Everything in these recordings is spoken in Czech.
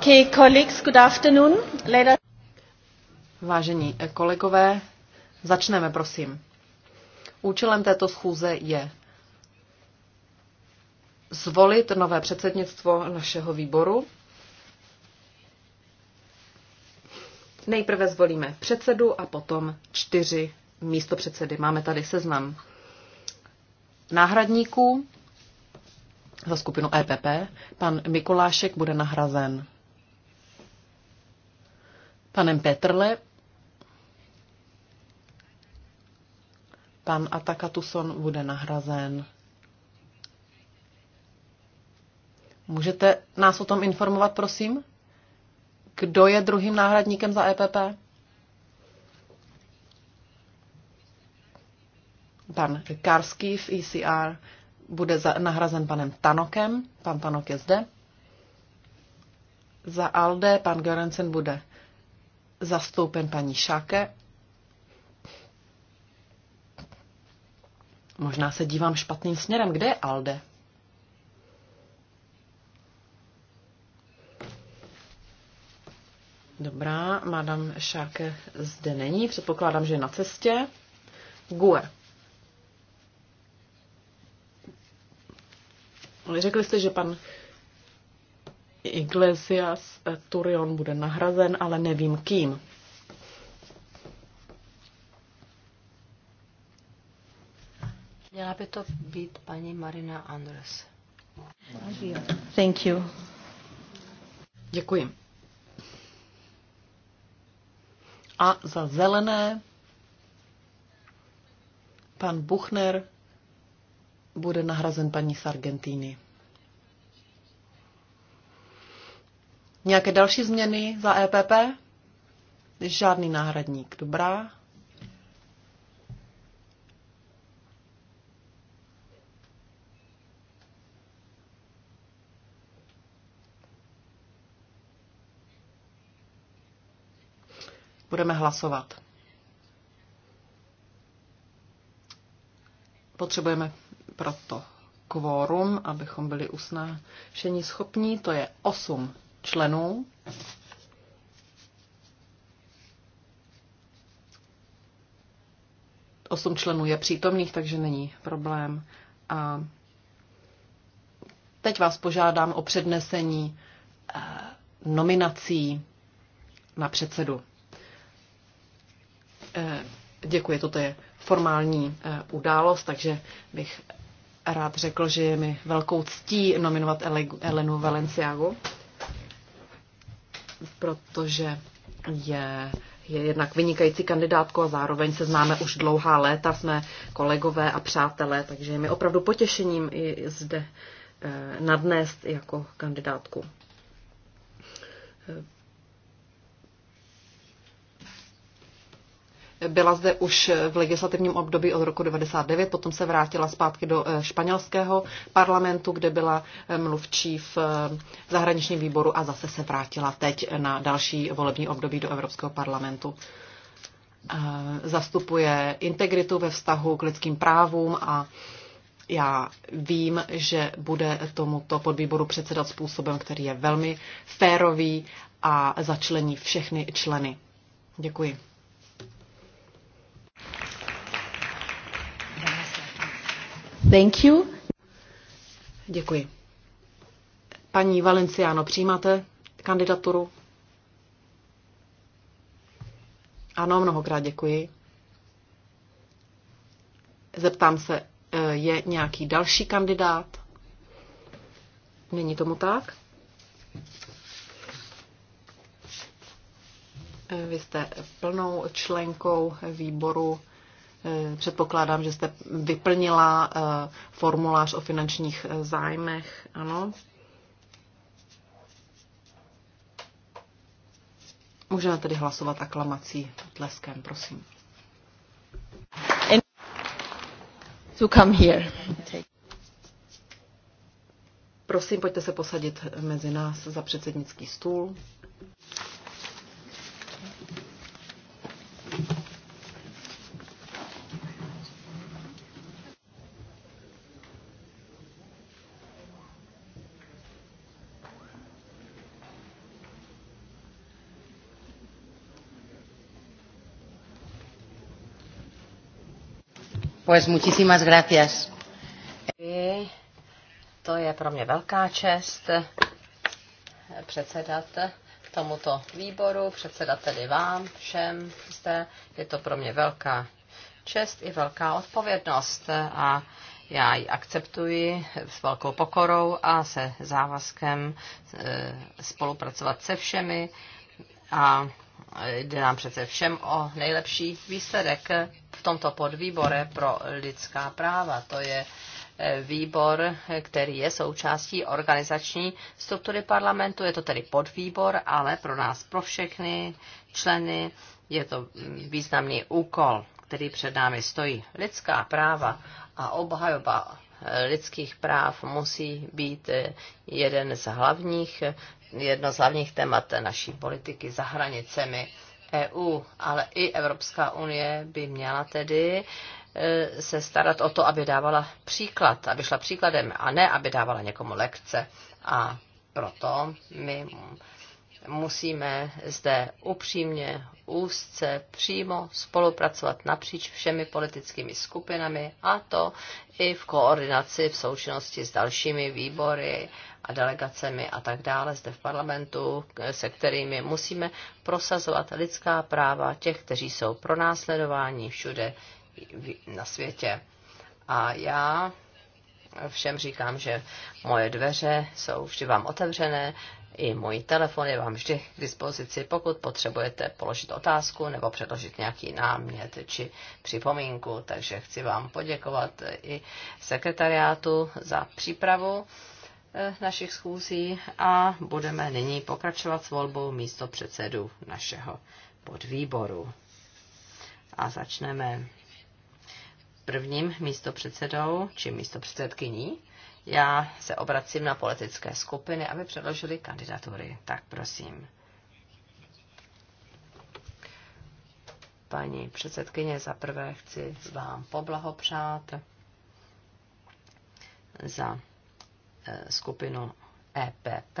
Okay, colleagues, good afternoon. Vážení kolegové, začneme, prosím. Účelem této schůze je zvolit nové předsednictvo našeho výboru. Nejprve zvolíme předsedu a potom čtyři místopředsedy. Máme tady seznam náhradníků za skupinu EPP. Pan Mikulášek bude nahrazen panem Petrle. Pan Atakatuson bude nahrazen. Můžete nás o tom informovat, prosím? Kdo je druhým náhradníkem za EPP? Pan Karský v ECR bude za, nahrazen panem Tanokem. Pan Tanok je zde. Za ALDE pan Görensen bude zastoupen paní Šáke. Možná se dívám špatným směrem. Kde je Alde? Dobrá, madam Šáke zde není, předpokládám, že je na cestě. Gue. Řekli jste, že pan Iglesias Turion bude nahrazen, ale nevím kým. Měla by to být paní Marina Andres. Thank you. Děkuji. A za zelené pan Buchner bude nahrazen paní z Nějaké další změny za EPP? Žádný náhradník, dobrá. Budeme hlasovat. Potřebujeme proto kvórum, abychom byli usnášení schopní, to je 8 členů. Osm členů je přítomných, takže není problém. A teď vás požádám o přednesení eh, nominací na předsedu. Eh, děkuji, toto je formální eh, událost, takže bych rád řekl, že je mi velkou ctí nominovat Elenu Valenciagu protože je, je jednak vynikající kandidátkou a zároveň se známe už dlouhá léta, jsme kolegové a přátelé, takže je mi opravdu potěšením i zde eh, nadnést jako kandidátku. Byla zde už v legislativním období od roku 1999, potom se vrátila zpátky do eh, španělského parlamentu, kde byla eh, mluvčí v eh, zahraničním výboru a zase se vrátila teď na další volební období do Evropského parlamentu zastupuje integritu ve vztahu k lidským právům a já vím, že bude tomuto podvýboru předsedat způsobem, který je velmi férový a začlení všechny členy. Děkuji. Thank you. Děkuji. Paní Valenciano, přijímáte kandidaturu? Ano, mnohokrát děkuji. Zeptám se, eh, je nějaký další kandidát? Není tomu tak? Eh, vy jste plnou členkou výboru Eh, předpokládám, že jste vyplnila eh, formulář o finančních eh, zájmech, ano. Můžeme tedy hlasovat aklamací, tleskem, prosím. to come here. Prosím, pojďte se posadit mezi nás za předsednický stůl. Pues muchísimas gracias. To je pro mě velká čest předsedat tomuto výboru, předsedat tedy vám všem zde. Je to pro mě velká čest i velká odpovědnost a já ji akceptuji s velkou pokorou a se závazkem eh, spolupracovat se všemi a jde nám přece všem o nejlepší výsledek v tomto podvýbore pro lidská práva. To je eh, výbor, který je součástí organizační struktury parlamentu. Je to tedy podvýbor, ale pro nás, pro všechny členy, je to mm, významný úkol, který před námi stojí. Lidská práva a obhajoba eh, lidských práv musí být eh, jeden z hlavních jedno z hlavních témat naší politiky za hranicemi EU, ale i Evropská unie by měla tedy e, se starat o to, aby dávala příklad, aby šla příkladem a ne, aby dávala někomu lekce. A proto my musíme zde upřímně, úzce, přímo spolupracovat napříč všemi politickými skupinami a to i v koordinaci, v součinnosti s dalšími výbory a delegacemi a tak dále zde v parlamentu, se kterými musíme prosazovat lidská práva těch, kteří jsou pronásledováni všude na světě. A já všem říkám, že moje dveře jsou vždy vám otevřené, i můj telefon je vám vždy k dispozici, pokud potřebujete položit otázku nebo předložit nějaký námět či připomínku. Takže chci vám poděkovat i sekretariátu za přípravu eh, našich schůzí a budeme nyní pokračovat s volbou místo předsedu našeho podvýboru. A začneme prvním místopředsedou či místopředsedkyní. Já se obracím na politické skupiny, aby předložili kandidatury. Tak prosím. Paní předsedkyně, za prvé chci vám poblahopřát za eh, skupinu EPP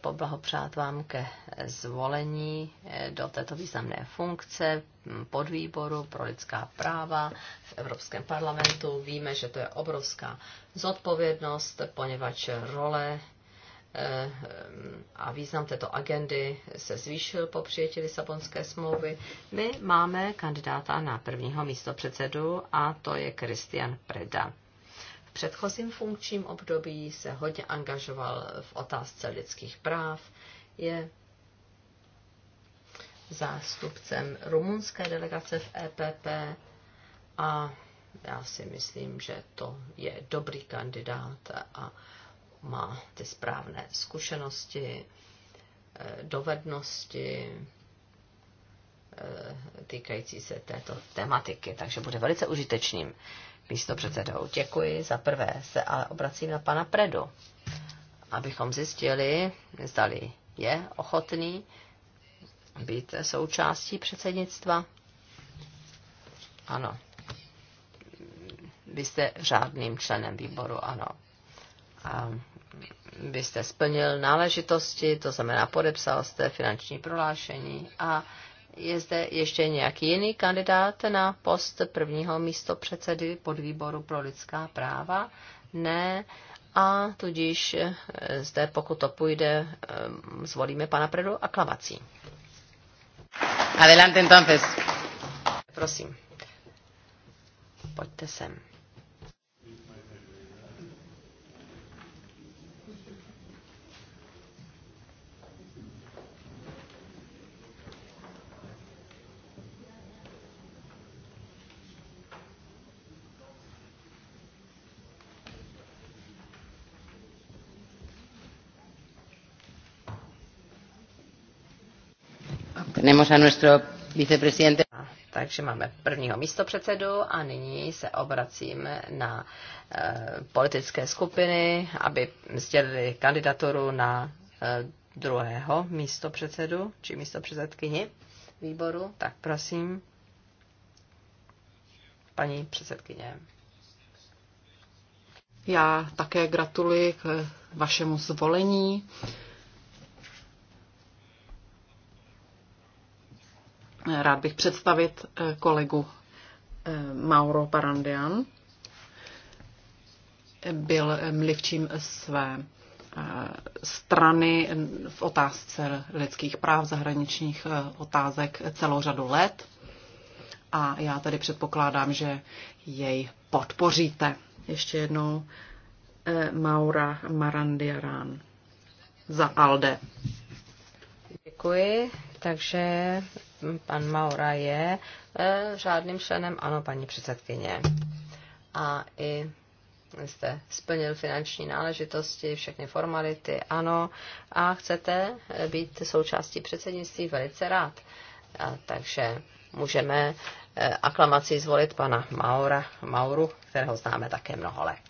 poblahopřát vám ke zvolení do této významné funkce podvýboru pro lidská práva v Evropském parlamentu. Víme, že to je obrovská zodpovědnost, poněvadž role eh, a význam této agendy se zvýšil po přijetí Lisabonské smlouvy. My máme kandidáta na prvního místo předsedu a to je Kristian Preda předchozím funkčním období se hodně angažoval v otázce lidských práv, je zástupcem rumunské delegace v EPP a já si myslím, že to je dobrý kandidát a má ty správné zkušenosti, eh, dovednosti eh, týkající se této tematiky, takže bude velice užitečným předsedou. Děkuji. Za prvé se ale obracím na pana Predu, abychom zjistili, zdali je ochotný být součástí předsednictva. Ano. Vy jste řádným členem výboru, ano. A vy jste splnil náležitosti, to znamená podepsal jste finanční prohlášení a je zde ještě nějaký jiný kandidát na post prvního místo předsedy podvýboru pro lidská práva? Ne. A tudíž eh, zde, pokud to půjde, eh, zvolíme pana Predu aklamací. Adelante entonces. Prosím. Pojďte sem. Tenemos a nuestro vicepresidente. Takže máme prvního místopředsedu a nyní se obracím na e, politické skupiny, aby sdělili kandidaturu na e, druhého místopředsedu či místopředsedkyni výboru. Tak prosím, paní předsedkyně. Já také gratuluji k vašemu zvolení. E, Rád bych představit eh, kolegu eh, Mauro Parandian. Byl eh, mluvčím své strany v otázce lidských práv, zahraničních otázek celou řadu let. A já tady předpokládám, že jej podpoříte. Ještě jednou Maura Marandiarán za ALDE. Děkuji. Takže pan Maura je e, řádným členem, ano, paní předsedkyně. A i jste splnil finanční náležitosti, všechny formality, ano, a chcete být součástí předsednictví velice rád. A, takže můžeme e, aklamací zvolit pana Maura, Mauru, kterého známe také mnoho let.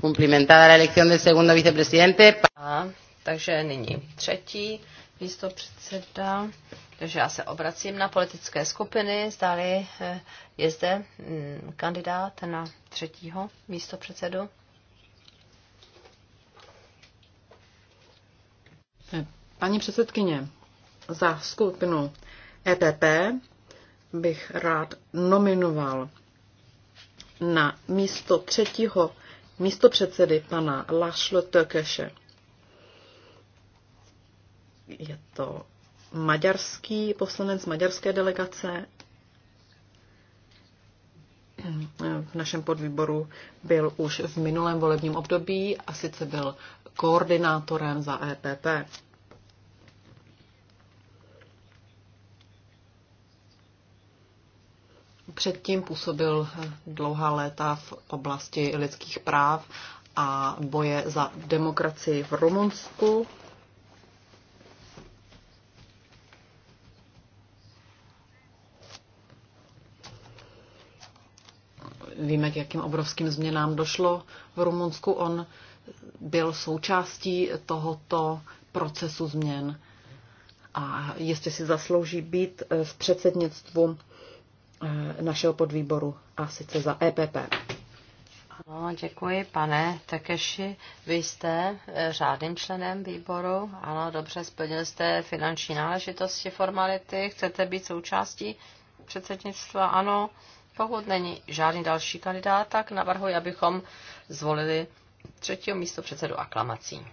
cumplimentada la elección del segundo vicepresidente. Aha, takže nyní třetí místo předseda. Takže já se obracím na politické skupiny. Zdali eh, je zde mm, kandidát na třetího místo předsedu. Paní předsedkyně, za skupinu EPP bych rád nominoval na místo třetího místo předsedy pana Lašlo Tökeše. Je to maďarský poslanec maďarské delegace. V našem podvýboru byl už v minulém volebním období a sice byl koordinátorem za EPP. Předtím působil dlouhá léta v oblasti lidských práv a boje za demokracii v Rumunsku. Víme, k jakým obrovským změnám došlo v Rumunsku. On byl součástí tohoto procesu změn a jestli si zaslouží být v předsednictvu Eh, našeho podvýboru a sice za EPP. Ano, děkuji, pane Tekeši. Vy jste eh, řádným členem výboru. Ano, dobře, splnil jste finanční náležitosti, formality. Chcete být součástí předsednictva? Ano. Pokud není žádný další kandidát, tak navrhuji, abychom zvolili třetího místo předsedu aklamací.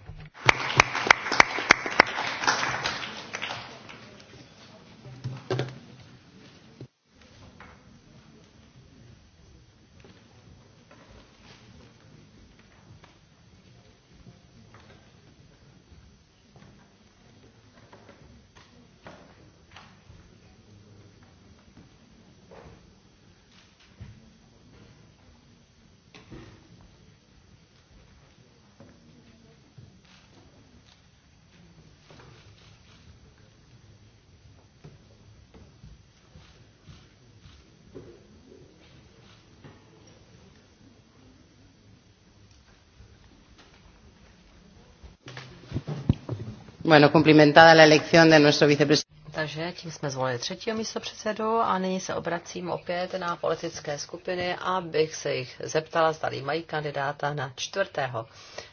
Bueno, cumplimentada la elección de nuestro vicepresidente. Takže tím jsme zvolili třetího místopředsedu a nyní se obracím opět na politické skupiny, abych se jich zeptala, zda mají kandidáta na čtvrtého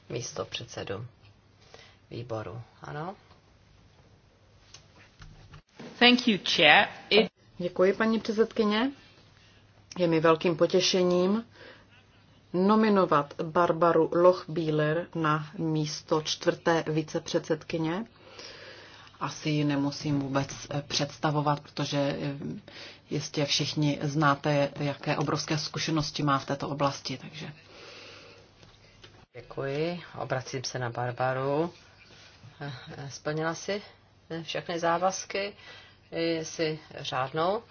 místopředsedu výboru. Ano? Thank you, chair. It... Děkuji, paní předsedkyně. Je mi velkým potěšením nominovat Barbaru Lochbíler na místo čtvrté vicepředsedkyně. Asi ji nemusím vůbec eh, představovat, protože eh, jistě všichni znáte, jaké obrovské zkušenosti má v této oblasti. Takže. Děkuji. Obracím se na Barbaru. Eh, splnila si všechny závazky, jsi řádnou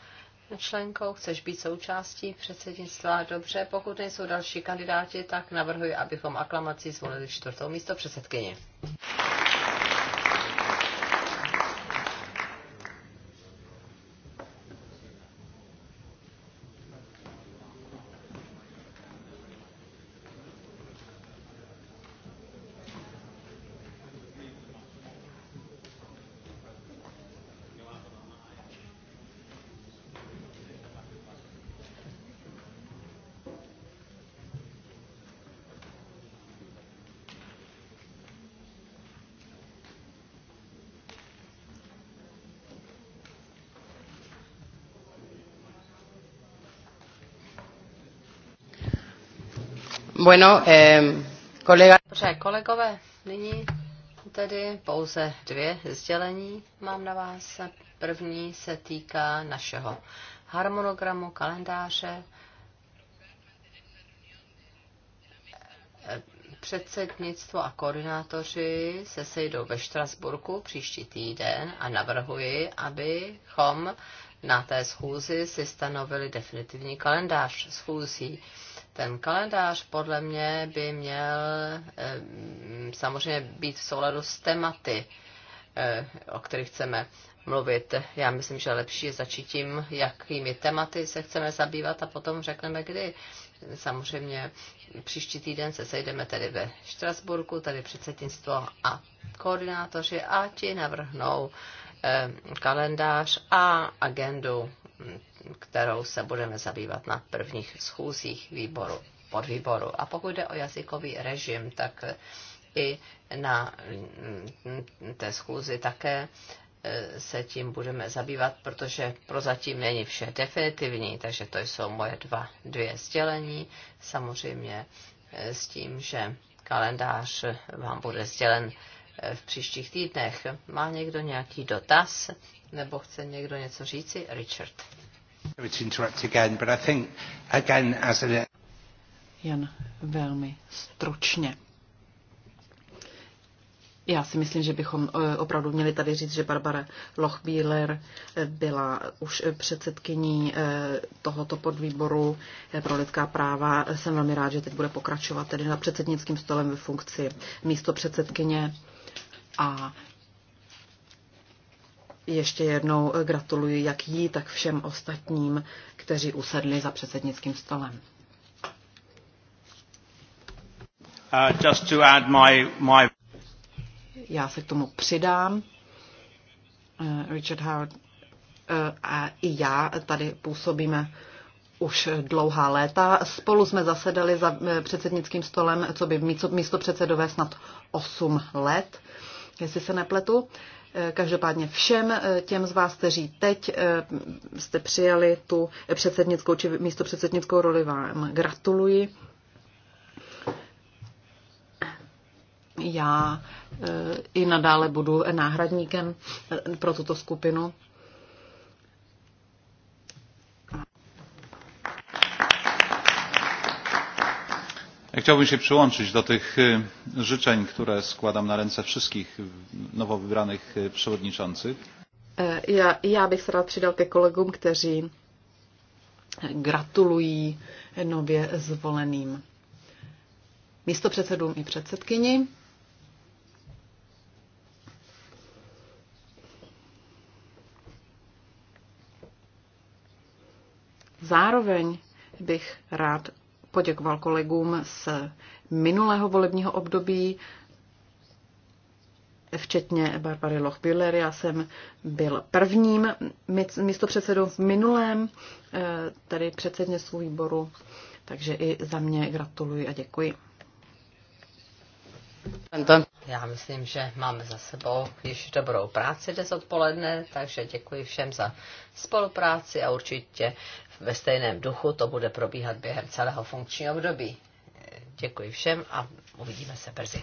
členkou, chceš být součástí předsednictva, dobře, pokud nejsou další kandidáti, tak navrhuji, abychom aklamací zvolili čtvrtou místo předsedkyně. Bueno, eh, kolega... Dobře, kolegové, nyní tedy pouze dvě sdělení mám na vás. První se týká našeho harmonogramu, kalendáře. Předsednictvo a koordinátoři se sejdou ve Štrasburku příští týden a navrhuji, abychom na té schůzi si stanovili definitivní kalendář schůzí. Ten kalendář podle mě by měl eh, samozřejmě být v souladu s tématy, eh, o kterých chceme mluvit. Já myslím, že lepší je začít tím, jakými tématy se chceme zabývat a potom řekneme kdy. Samozřejmě příští týden se sejdeme tedy ve Štrasburku, tady předsednictvo a koordinátoři a ti navrhnou eh, kalendář a agendu hm, kterou se budeme zabývat na prvních schůzích výboru, podvýboru. A pokud jde o jazykový režim, tak i na mm, té schůzi také e, se tím budeme zabývat, protože prozatím není vše definitivní, takže to jsou moje dva, dvě sdělení. Samozřejmě e, s tím, že kalendář vám bude sdělen e, v příštích týdnech. Má někdo nějaký dotaz nebo chce někdo něco říci? Richard. Jen velmi stručně. Já si myslím, že bychom eh, opravdu měli tady říct, že Barbara Lochbíler eh, byla už eh, předsedkyní tohoto podvýboru pro lidská práva. Jsem velmi rád, že teď bude pokračovat tedy na předsednickým stolem ve funkci místo předsedkyně. A ještě jednou gratuluji jak jí, tak všem ostatním, kteří usedli za předsednickým stolem. Uh, just to add my, my... Já se k tomu přidám. Uh, Richard Howard uh, a i já tady působíme už dlouhá léta. Spolu jsme zasedali za eh, předsednickým stolem, co by místo předsedové snad 8 let, jestli se nepletu. Uh, Každopádně všem eh, těm z vás, kteří teď eh, jste přijali tu předsednickou či místo předsednickou roli, vám gratuluji. Já eh, i nadále budu náhradníkem pro tuto skupinu. Chciałbym się przyłączyć do tych życzeń, które składam na ręce wszystkich nowo wybranych przewodniczących. Já, e, já bych se rád přidal ke kolegům, kteří gratulují nově zvoleným místopředsedům i předsedkyni. Zároveň bych rád poděkoval kolegům z minulého volebního období, včetně Barbary Lochbiller. Já jsem byl prvním místopředsedou v minulém, eh, tady předsedně svůj výboru, takže i za mě gratuluji a děkuji. Anton. Já myslím, že máme za sebou již dobrou práci dnes odpoledne, takže děkuji všem za spolupráci a určitě ve stejném duchu to bude probíhat během celého funkčního období. Děkuji všem a uvidíme se brzy.